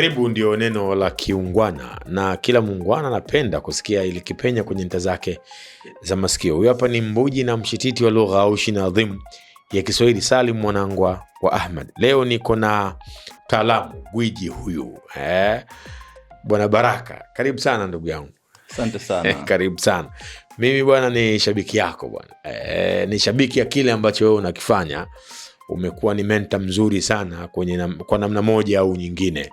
Karibu ndio neno la kiungwana na kila muungwana anapenda kusikia ilikipenya kwenye nta zake za masikio. Huyu hapa ni mbuji na mshititi wa lugha au shina adhimu ya Kiswahili, Salim mwanangwa wa Ahmad. Leo niko na mtaalamu gwiji huyu eh, Bwana Baraka, karibu sana ndugu yangu. Asante sana. Karibu sana. Mimi bwana ni shabiki yako bwana, eh, ni shabiki ya kile ambacho wewe unakifanya umekuwa ni menta mzuri sana kwenye nam, kwa namna moja au nyingine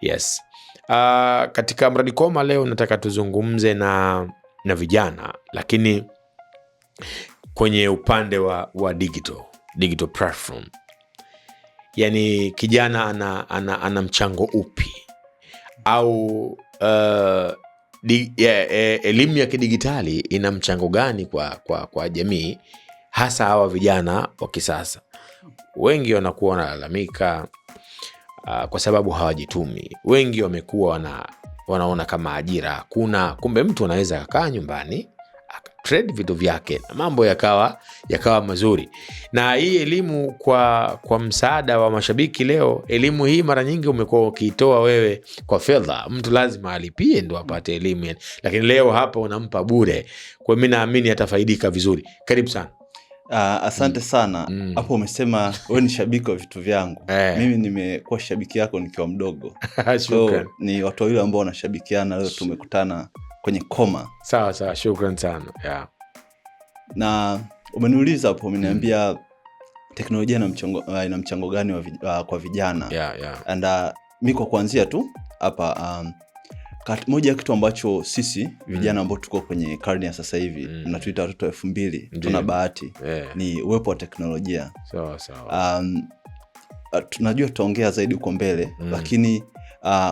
yes. Uh, katika mradi koma leo nataka tuzungumze na, na vijana lakini kwenye upande wa, wa digital, digital platform yani kijana ana, ana, ana mchango upi au uh, di, yeah, eh, elimu ya kidigitali ina mchango gani kwa, kwa, kwa jamii hasa hawa vijana wa kisasa Wengi wanakuwa wanalalamika uh, kwa sababu hawajitumi. Wengi wamekuwa wana, wanaona kama ajira hakuna, kumbe mtu anaweza akakaa nyumbani akatrade vitu vyake na mambo yakawa, yakawa mazuri. Na hii elimu kwa, kwa msaada wa mashabiki leo, elimu hii mara nyingi umekuwa ukiitoa wewe kwa fedha, mtu lazima alipie ndo apate elimu, lakini leo hapa unampa bure. Kwa mi naamini atafaidika vizuri. Karibu sana. Uh, asante mm. sana mm. hapo. Mm. Umesema wewe ni shabiki wa vitu vyangu eh. Mimi nimekuwa shabiki yako nikiwa mdogo so, ni watu wawili ambao wanashabikiana leo tumekutana kwenye koma. Sawa sawa, shukran sana yeah. Na umeniuliza hapo, umeniambia mm. teknolojia ina mchango, ah, gani wa, uh, kwa vijana yeah, yeah. And, uh, mi kwa kuanzia tu hapa um, Kat, moja ya kitu ambacho sisi mm. vijana ambao tuko kwenye karne ya sasa hivi mm. na watoto elfu mbili tuna bahati yeah. ni uwepo wa teknolojia sawa sawa. Um, uh, tunajua tutaongea zaidi huko mbele mm. lakini uh,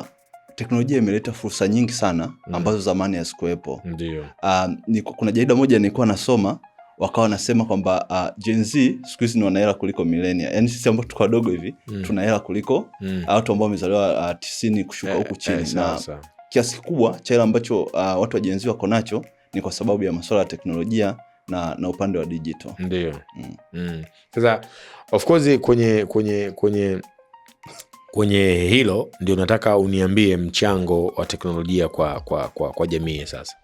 teknolojia imeleta fursa nyingi sana mm. ambazo mm. zamani hazikuwepo. Um, kuna jarida moja nilikuwa nasoma wakawa wanasema kwamba uh, Gen Z siku hizi ni wanahela kuliko milenia, yani sisi ambao tuko wadogo hivi mm. tunahela kuliko mm. watu ambao wamezaliwa uh, tisini kushuka eh, huku eh, chini eh, na kiasi kikubwa cha ile ambacho uh, watu wa Gen wako nacho ni kwa sababu ya masuala ya teknolojia na, na upande wa digital. Ndio. Mm. Mm. Sasa of course kwenye kwenye kwenye kwenye hilo ndio nataka uniambie mchango wa teknolojia kwa, kwa, kwa, kwa jamii sasa.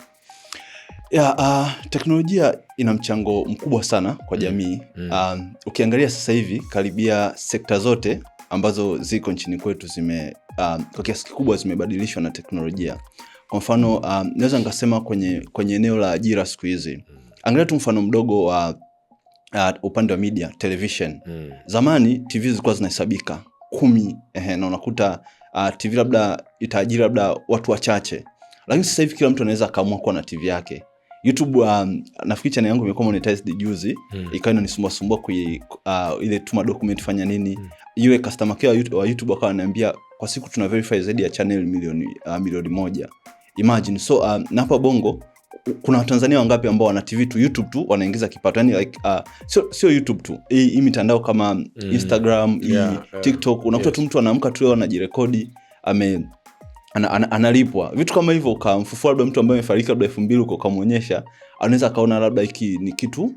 Yeah, uh, teknolojia ina mchango mkubwa sana kwa mm. jamii mm. Mm. Uh, ukiangalia sasa hivi karibia sekta zote ambazo ziko nchini kwetu zime Um, kwa kiasi kikubwa zimebadilishwa na teknolojia. Kwa mfano uh, naweza nikasema kwenye, kwenye eneo la ajira siku hizi, mm. angalia tu mfano mdogo wa uh, upande wa media television. Mm. Zamani TV zilikuwa zinahesabika kumi, ehe, na unakuta uh, TV labda itaajiri labda watu wachache, lakini sasa hivi kila mtu anaweza akaamua kuwa na TV yake. YouTube um, nafikiri channel yangu imekuwa monetized juzi hmm. ikawa inanisumbua sumbua kui, uh, ile tuma document fanya nini hmm. yule customer care wa YouTube akawa ananiambia kwa siku tuna verify zaidi ya channel milioni, uh, milioni moja imagine. So uh, na hapa Bongo kuna Watanzania wangapi ambao wana TV tu YouTube tu wanaingiza kipato yani like, uh, sio sio YouTube tu hii hii mitandao kama mm, Instagram yeah, hii TikTok unakuta yes, tu mtu anaamka tu anajirekodi ame ana, ana, analipwa vitu kama hivyo. Ukamfufua labda mtu ambaye amefariki labda elfu mbili uko ukamwonyesha, anaweza akaona labda hiki ni kitu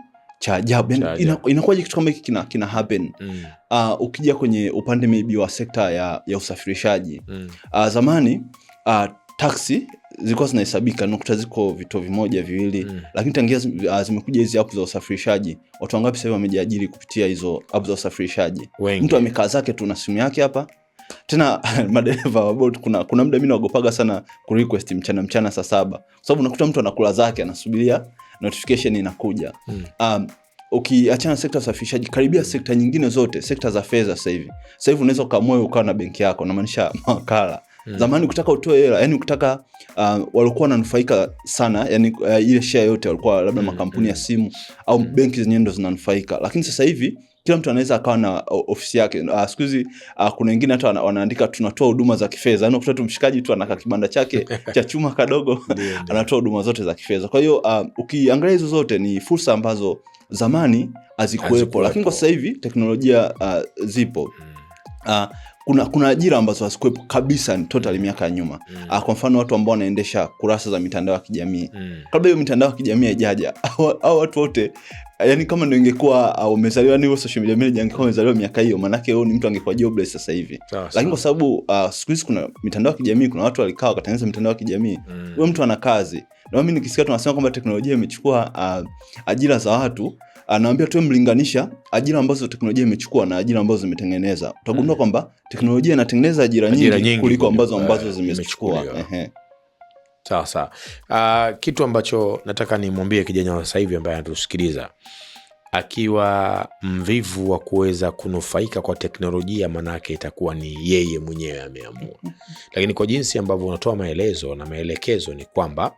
cha ajabu yani, ina, inakuwaje kitu kama hiki kina, kina happen mm. Uh, ukija kwenye upande maybe wa sekta ya, ya usafirishaji mm. Uh, zamani uh, taksi zilikuwa zinahesabika nakuta ziko vituo vimoja viwili mm. Lakini tangia uh, zimekuja hizi apu za usafirishaji, watu wangapi sahivi wamejiajiri kupitia hizo apu za usafirishaji? Mtu amekaa zake tu na simu yake hapa tena madereva wa Bolt kuna, kuna mda mi naogopaga sana kurequest mchana mchana saa saba kwa sababu unakuta mtu anakula zake anasubiria notification inakuja mm. um, ukiachana sekta usafishaji, karibia sekta nyingine zote, sekta za fedha sasa hivi. Sasa hivi unaweza ukaamua ukawa na benki yako, namaanisha mawakala mm. Zamani ukitaka utoe hela yani ukitaka uh, walikuwa wananufaika sana yani, uh, ile share yote walikuwa labda hmm, makampuni mm. ya hmm. simu au mm. benki zenyewe ndo zinanufaika, lakini sasa hivi kila mtu anaweza akawa na uh, ofisi yake. Uh, siku hizi uh, kuna wengine hata wanaandika tunatoa huduma za kifedha, yani tu mshikaji tu anaka kibanda chake cha chuma kadogo anatoa huduma zote za kifedha. Kwa hiyo uh, ukiangalia hizo zote ni fursa ambazo zamani hazikuwepo, lakini kwa sasa hivi teknolojia uh, zipo hmm. uh, kuna, kuna ajira ambazo hazikuwepo kabisa ni totali miaka ya nyuma mm. Kwa mfano watu ambao wanaendesha kurasa za mitandao ya kijamii mm. Kabla hiyo mitandao ya kijamii haijaja, au watu wote yani kama ndo ingekuwa uh, umezaliwa ni yaani social media manager angekuwa umezaliwa miaka hiyo manake wewe ni mtu angekuwa jobless sasa hivi lakini kwa sababu uh, siku hizi kuna mitandao ya kijamii kuna watu walikaa wakatengeneza mitandao ya kijamii mm. wewe mtu ana kazi mimi nikisikia tunasema kwamba teknolojia imechukua uh, ajira za watu anawambia uh, tuwe mlinganisha ajira ambazo teknolojia imechukua na ajira ambazo zimetengeneza utagundua mm. kwamba teknolojia inatengeneza ajira, ajira nyingi, nyingi kuliko ambazo ambazo eh, zimechukua Sawa sawa. Uh, kitu ambacho nataka nimwambie kijana wa sasa hivi ambaye anatusikiliza akiwa mvivu wa kuweza kunufaika kwa teknolojia, maanake itakuwa ni yeye mwenyewe ameamua. Lakini kwa jinsi ambavyo unatoa maelezo na maelekezo, ni kwamba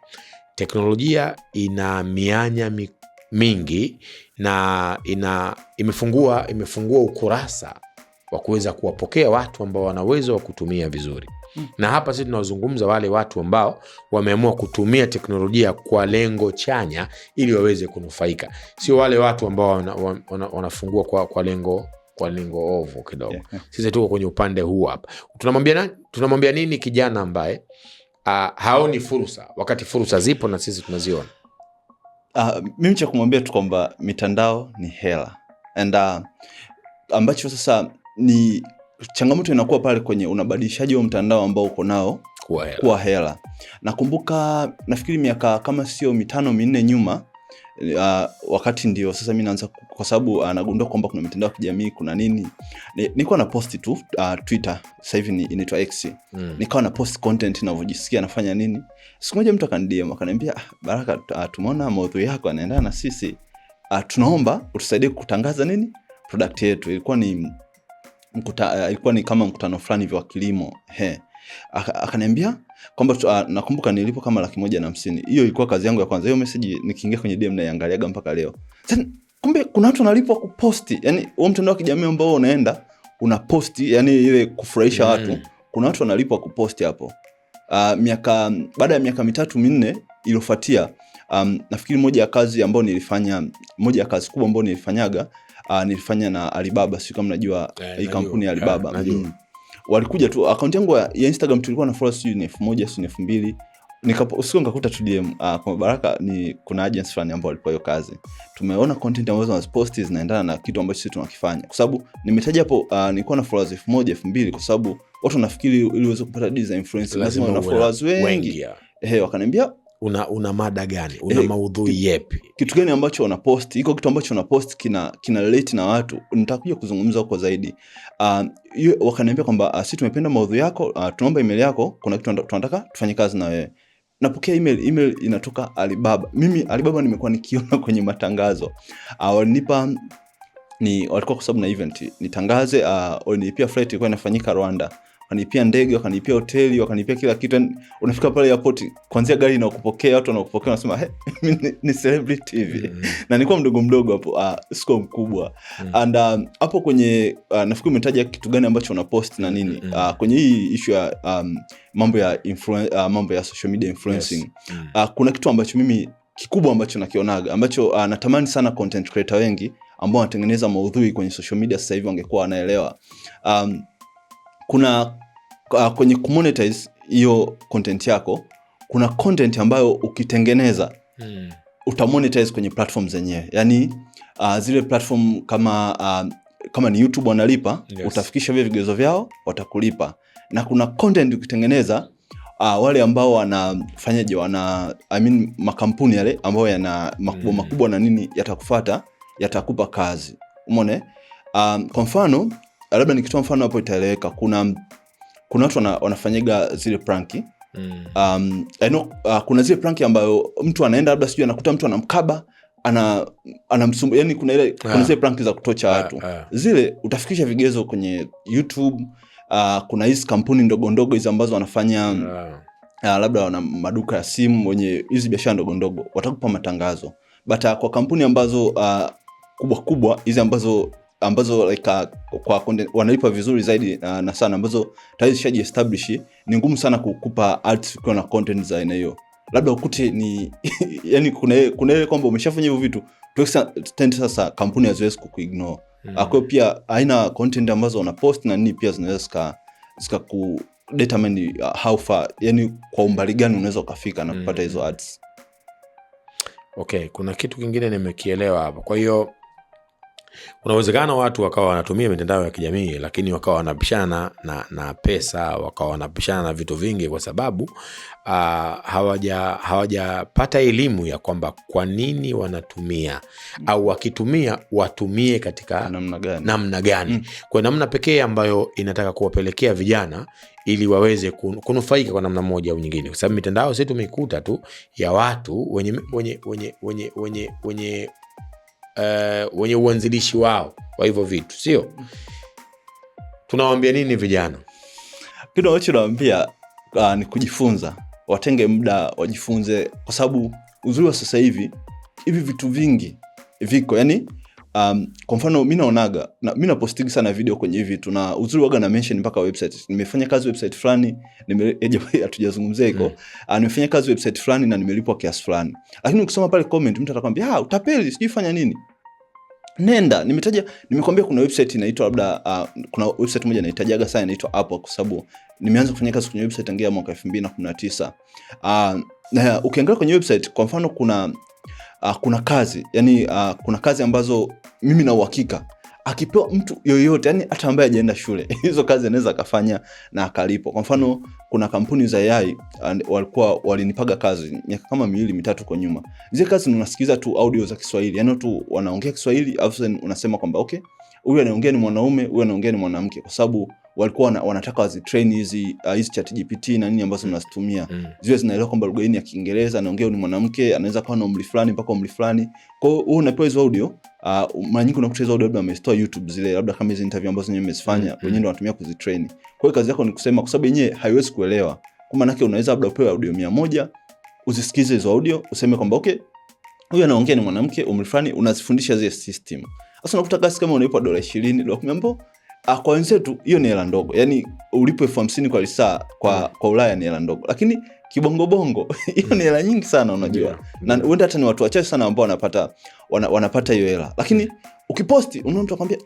teknolojia ina mianya mingi na ina, imefungua, imefungua ukurasa wa kuweza kuwapokea watu ambao wana uwezo wa kutumia vizuri. Na hapa sisi tunawazungumza wale watu ambao wameamua kutumia teknolojia kwa lengo chanya ili waweze kunufaika, sio wale watu ambao wanafungua wana, wana kwa, kwa lengo kwa lengo ovu kidogo yeah, yeah. Sisi tuko kwenye upande huu hapa, tunamwambia tunamwambia nini kijana ambaye uh, haoni fursa wakati fursa zipo na sisi tunaziona? Uh, mimi cha kumwambia tu kwamba mitandao ni hela and uh, ambacho sasa ni changamoto inakuwa pale kwenye unabadilishaji wa mtandao ambao uko nao kuwa hela, kuwa hela. Nakumbuka nafikiri miaka kama sio mitano minne nyuma uh, wakati ndio sasa mi naanza kwa sababu anagundua ah, uh, kwamba kuna mitandao ya kijamii kuna nini, nilikuwa na post tu uh, Twitter sasa hivi inaitwa X mm. nikawa na post content inavyojisikia nafanya nini. Siku moja mtu akanidiam akaniambia, ah, Baraka, uh, tumeona maudhui yako anaendana na sisi uh, tunaomba utusaidie kutangaza nini product yetu. Ilikuwa ni mkuta, uh, ilikuwa ni kama mkutano fulani hivyo wa kilimo he akaniambia kwamba uh, nakumbuka nilipo kama laki moja na hamsini. Hiyo ilikuwa kazi yangu ya kwanza. Hiyo message nikiingia kwenye DM naiangaliaga mpaka leo. Sasa kumbe kuna watu wanalipwa kuposti, yani huo mtandao wa kijamii ambao unaenda unaposti, yani ile kufurahisha mm. watu, kuna watu wanalipwa kuposti hapo. Uh, miaka baada ya miaka mitatu minne iliyofuatia, um, nafikiri moja ya kazi ambayo nilifanya, moja ya kazi kubwa ambayo nilifanyaga uh, nilifanya na Alibaba, sio kama yeah, hii kampuni ya Alibaba yeah, mm. walikuja tu akaunti yangu ya Instagram tulikuwa na followers sio elfu moja sio elfu mbili usiku nikakuta tu DM uh, ah, kwa Baraka ni kuna agency fulani ambao walikuwa hiyo kazi, tumeona content ambazo wanaziposti zinaendana na kitu ambacho sisi tunakifanya, kwa sababu nimetaja hapo uh, nilikuwa na followers elfu moja elfu mbili kwa sababu watu wanafikiri ili uweze kupata deals za influencer lazima una followers wengi, wengi. He, eh, wakaniambia una, una mada gani una e, maudhui yepi kitu gani ambacho unapost iko kitu ambacho unapost kina, kina relate na watu nitakuja kuzungumza huko zaidi uh, wakaniambia kwamba uh, ah, si tumependa maudhui yako uh, tunaomba email yako kuna kitu tunataka tufanye kazi na wewe napokea email email inatoka alibaba mimi alibaba nimekuwa nikiona kwenye matangazo uh, walinipa ni walikuwa kwa sababu na event nitangaze uh, walinipia flight ilikuwa inafanyika rwanda wakanipia ndege wakanipia hoteli wakanipia kila kitu unafika pale airport kwanzia gari inakupokea, watu wanakupokea, wanasema hey, ni, ni celebrity hivi mm-hmm. na nilikuwa mdogo mdogo hapo uh, ah, siko mkubwa mm-hmm. and um, hapo uh, kwenye uh, nafikiri umetaja kitu gani ambacho unapost na nini mm-hmm. uh, kwenye hii ishu ya um, mambo ya influen- uh, mambo ya social media influencing yes. mm-hmm. uh, kuna kitu ambacho mimi kikubwa ambacho nakionaga ambacho uh, natamani sana content creator wengi ambao wanatengeneza maudhui kwenye social media sasa hivi wangekuwa wanaelewa um, kuna uh, kwenye kumonetize hiyo content yako kuna content ambayo ukitengeneza hmm. utamonetize kwenye platform zenyewe yani uh, zile platform kama uh, kama ni youtube wanalipa yes. utafikisha vile vigezo vyao watakulipa na kuna content ukitengeneza uh, wale ambao wanafanyaje wana I mean, makampuni yale ambayo yana makubwa mm. makubwa na nini yatakufata yatakupa kazi umone um, kwa mfano labda nikitoa mfano hapo itaeleweka. Kuna kuna watu wanafanyiga wanafanyaga zile pranki mm. um, know, uh, kuna zile pranki ambayo mtu anaenda labda sijui anakuta mtu anamkaba ana yani, kuna ile kuna zile pranki za kutocha watu zile, utafikisha vigezo kwenye YouTube. Uh, kuna hizi kampuni ndogo ndogo hizi ambazo wanafanya uh, labda wana maduka ya simu wenye hizi biashara ndogo ndogo, watakupa matangazo bata uh, kwa kampuni ambazo uh, kubwa kubwa hizi ambazo ambazo like, uh, kwa content wanalipa vizuri zaidi na, uh, na sana ambazo tayari zishaji establish, ni ngumu sana kukupa ads ukiwa na content za aina hiyo. Labda ukute ni yani, kuna kuna ile kwamba umeshafanya hivyo vitu tend, sasa kampuni haziwezi kukuignore mm. akwe ah, pia aina content ambazo una post na nini pia zinaweza zika ku determine uh, how far, yani kwa umbali gani unaweza kufika na kupata hmm. hizo mm. ads. Okay, kuna kitu kingine nimekielewa hapa, kwa hiyo kuna uwezekano watu wakawa wanatumia mitandao ya kijamii lakini wakawa wanapishana na, na pesa, wakawa wanapishana na vitu vingi, kwa sababu uh, hawajapata elimu ya kwamba kwa nini wanatumia mm. au wakitumia watumie katika namna gani, namna gani. Mm. Kwa namna pekee ambayo inataka kuwapelekea vijana ili waweze kunufaika kwa namna moja au nyingine, kwa sababu mitandao si tumekuta tu ya watu wenye, wenye, wenye, wenye, wenye, wenye uh, wenye uanzilishi wao wa hivyo vitu, sio? Tunawambia nini vijana? Kitu ambacho nawambia uh, ni kujifunza, watenge muda wajifunze, kwa sababu uzuri wa sasa hivi hivi vitu vingi viko yani Um, kwa mfano mi naonaga na, mi napostigi sana video kwenye vitu na uzuri waga na mention mpaka website. Nimefanya kazi website fulani, hatujazungumzia iko. Mm. Ah, nimefanya kazi website fulani na nimelipwa kiasi fulani. Lakini ukisoma pale comment mtu atakwambia, "Ah, utapeli, sijui fanya nini?" Nenda, nimetaja nimekwambia kuna website inaitwa labda uh, kuna website moja naitajaga sana inaitwa apo kwa sababu nimeanza kufanya kazi kwenye website angia mwaka elfu mbili na kumi na tisa ah, ukiangalia kwenye website kwa mfano kuna uh, kuna kazi, yani uh, kuna kazi ambazo mimi na uhakika akipewa mtu yoyote, yani hata ambaye ajaenda shule hizo kazi anaweza akafanya na akalipwa. Kwa mfano, kuna kampuni za AI walikuwa walinipaga kazi miaka kama miwili mitatu kwa nyuma. Zile kazi unasikiliza tu audio za Kiswahili, yani tu wanaongea Kiswahili alafu unasema kwamba okay, huyu anaongea ni mwanaume, huyu anaongea ni mwanamke, kwa sababu walikuwa wana, wanataka wazitrain hizi uh, hizi chat GPT na nini ambazo mnazitumia mm. ziwe zinaelewa kwamba lugha hii ya Kiingereza, anaongea ni mwanamke, anaweza kuwa na umri fulani mpaka umri fulani. Kwa hiyo wewe unapewa hizo audio uh, mara nyingi unakuta hizo audio labda amezitoa YouTube zile, labda kama hizi interview ambazo nyewe mmezifanya mm wenyewe mm. ndio wanatumia kuzitrain. Kwa hiyo kazi yako ni kusema, kwa sababu yenyewe haiwezi kuelewa, kwa maana yake unaweza labda upewe audio 100 moja uzisikize hizo audio useme kwamba okay, huyu anaongea ni mwanamke umri fulani, unazifundisha zile system. Sasa unakuta kasi kama unaipa dola 20 dola kumi ambapo Ah, kwa wenzetu hiyo ni hela ndogo, yani ulipo elfu hamsini kwa lisaa kwa, mm. kwa Ulaya ni hela ndogo, lakini kibongobongo hiyo ni hela nyingi sana unajua yeah. na huenda hata ni watu wachache sana ambao wanapata wanapata hiyo hela, lakini ukiposti unaona mtu akwambia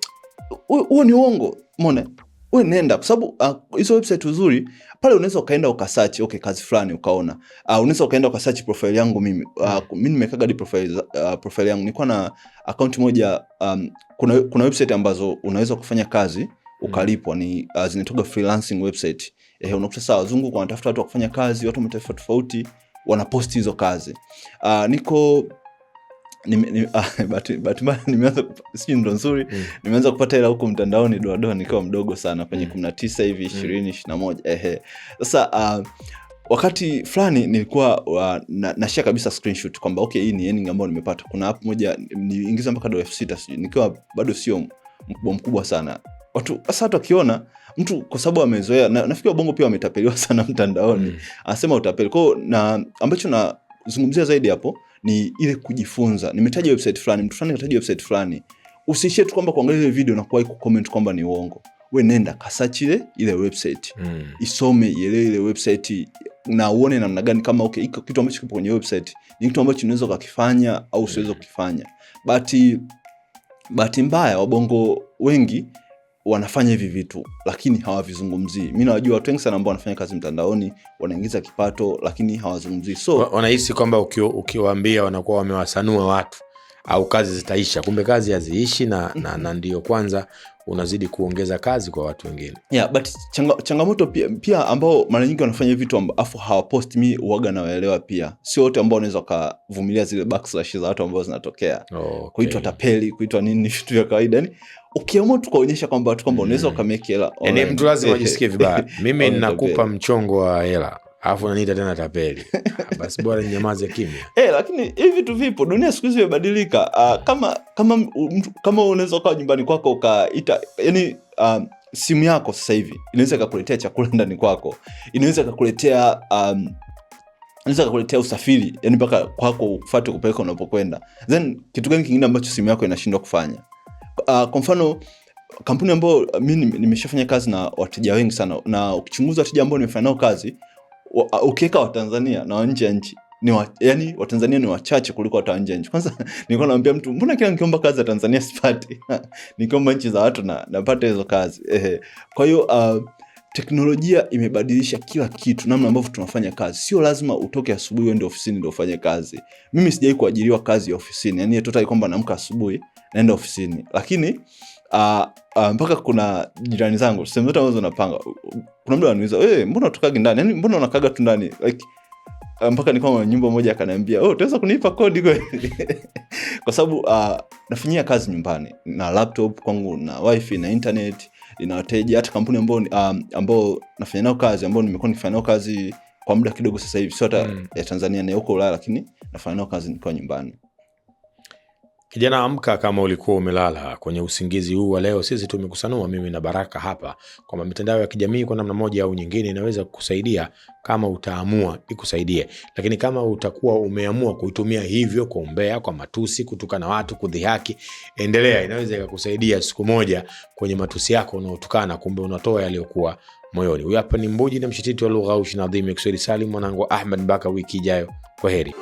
huo ni uongo, mone wewe nenda, kwa sababu ah, hizo uh, website uzuri pale, unaweza ukaenda ukasearch okay, kazi fulani ukaona, uh, unaweza ukaenda ukasearch profile yangu mimi uh, yeah. mimi nimekaga di profile uh, profile yangu nikuwa na account moja um, kuna, kuna website ambazo unaweza kufanya kazi ukalipwa ni uh, zinatoka freelancing website eh, unakuta saa wazungu kwa wanatafuta watu wa kufanya kazi, watu wa mataifa tofauti wanaposti hizo kazi uh, niko Ah, bahati nimeanza nzuri mm. nimeanza kupata hela huko mtandaoni doadoa nikiwa mdogo sana kwenye mm. kumi na tisa hivi mm. ishirini ishiri na moja ehe sasa ah, wakati fulani nilikuwa uh, na, nashia kabisa screenshot kwamba okay hii ni earning ambayo nimepata kuna app moja niingiza mpaka dola elfu sita sijui nikiwa bado sio mkubwa mkubwa sana watu hasa watu akiona mtu kwa sababu amezoea na, nafikiri wabongo pia wametapeliwa sana mtandaoni mm. anasema utapeli kwao na ambacho nazungumzia zaidi hapo ni ile kujifunza. Nimetaja website fulani, mtu fulani kataja website fulani, usishie tu kwamba kuangalia ile video na kuwahi kucomment kwamba ni uongo. We nenda kasach ile ile website mm. Isome, ielewe ile website na uone namna gani kama okay, iko kitu ambacho kipo kwenye website ni kitu ambacho unaweza ukakifanya au usiweze mm. kukifanya. bahati mbaya wabongo wengi wanafanya hivi vitu lakini hawavizungumzii. Mi nawajua watu wengi sana ambao wanafanya kazi mtandaoni, wanaingiza kipato, lakini hawazungumzii, so wanahisi kwamba ukiwaambia wanakuwa wamewasanua watu au kazi zitaisha, kumbe kazi haziishi na, na, mhm. na ndiyo kwanza unazidi kuongeza kazi kwa watu wengine yeah, but changa, changamoto pia, pia ambao mara nyingi wanafanya vitu afu hawapost, mi waga nawaelewa pia, sio wote ambao wanaweza wakavumilia zile backslash za watu ambao zinatokea okay. Kuitwa tapeli, kuitwa nini, vitu vya kawaida yani ukiamua tu kuonyesha kwamba watu kwamba unaweza mm. ukameki hela, yaani mtu lazima ajisikie vibaya. Mimi nakupa mchongo wa hela alafu naniita tena tapeli ah, basi bora nyamaze kimya hey, eh, lakini hii vitu vipo, dunia siku hizi imebadilika. Uh, kama kama mtu- kama unaweza ukawa nyumbani kwako ukaita yani uh, simu yako sasa hivi inaweza ikakuletea chakula ndani kwako, inaweza ikakuletea um, inaweza ikakuletea usafiri yani mpaka kwako ufate kupeleka unapokwenda. Then kitu gani kingine ambacho simu yako inashindwa kufanya? Uh, kwa mfano kampuni ambayo mi nimeshafanya kazi na wateja wengi sana, na ukichunguza wateja ambao nimefanya nao kazi wa, ukiweka Watanzania na wanje ya nchi ni wa, yani Watanzania ni wachache kuliko watu nje ya nchi. Kwanza nilikuwa naambia mtu, mbona kila nikiomba kazi ya Tanzania sipati? nikiomba nchi za watu na napata hizo kazi ehe. Kwa hiyo uh, teknolojia imebadilisha kila kitu, namna ambavyo tunafanya kazi. Sio lazima utoke asubuhi uende ofisini ndio ufanye kazi. Mimi sijai kuajiriwa kazi ya ofisini, yani totali kwamba naamka asubuhi naenda ofisini, lakini uh, uh, mpaka kuna jirani zangu sehemu zote ambazo napanga, kuna mdu anauliza hey, mbona tukagi ndani yani, mbona unakaga tu ndani like, ah, mpaka nikwa nyumba moja akaniambia oh, utaweza kunipa kodi kwa sababu uh, nafanyia kazi nyumbani na laptop kwangu na wifi na internet ina wateja hata kampuni ambao um, nafanya nao kazi ambao nimekuwa nikifanya nao kazi kwa muda kidogo sasa hivi sio hata mm. ya Tanzania na huko Ulaya, lakini nafanya nao kazi nikiwa nyumbani. Kijana, amka kama ulikuwa umelala kwenye usingizi huu wa leo. Sisi tumekusanua mimi na Baraka hapa kwamba mitandao ya kijamii kwa namna moja au nyingine inaweza kukusaidia kama utaamua ikusaidie, lakini kama utakuwa umeamua kuitumia hivyo, kwa umbea, kwa matusi, kutukana watu, kudhihaki, endelea, inaweza ikakusaidia siku moja kwenye matusi yako unaotukana, kumbe unatoa yaliyokuwa moyoni. Huyu hapa ni mbuji na mshititi wa lugha au shinadhimu ya Kiswahili. Salim mwanangu Ahmed, mpaka wiki ijayo, kwa heri.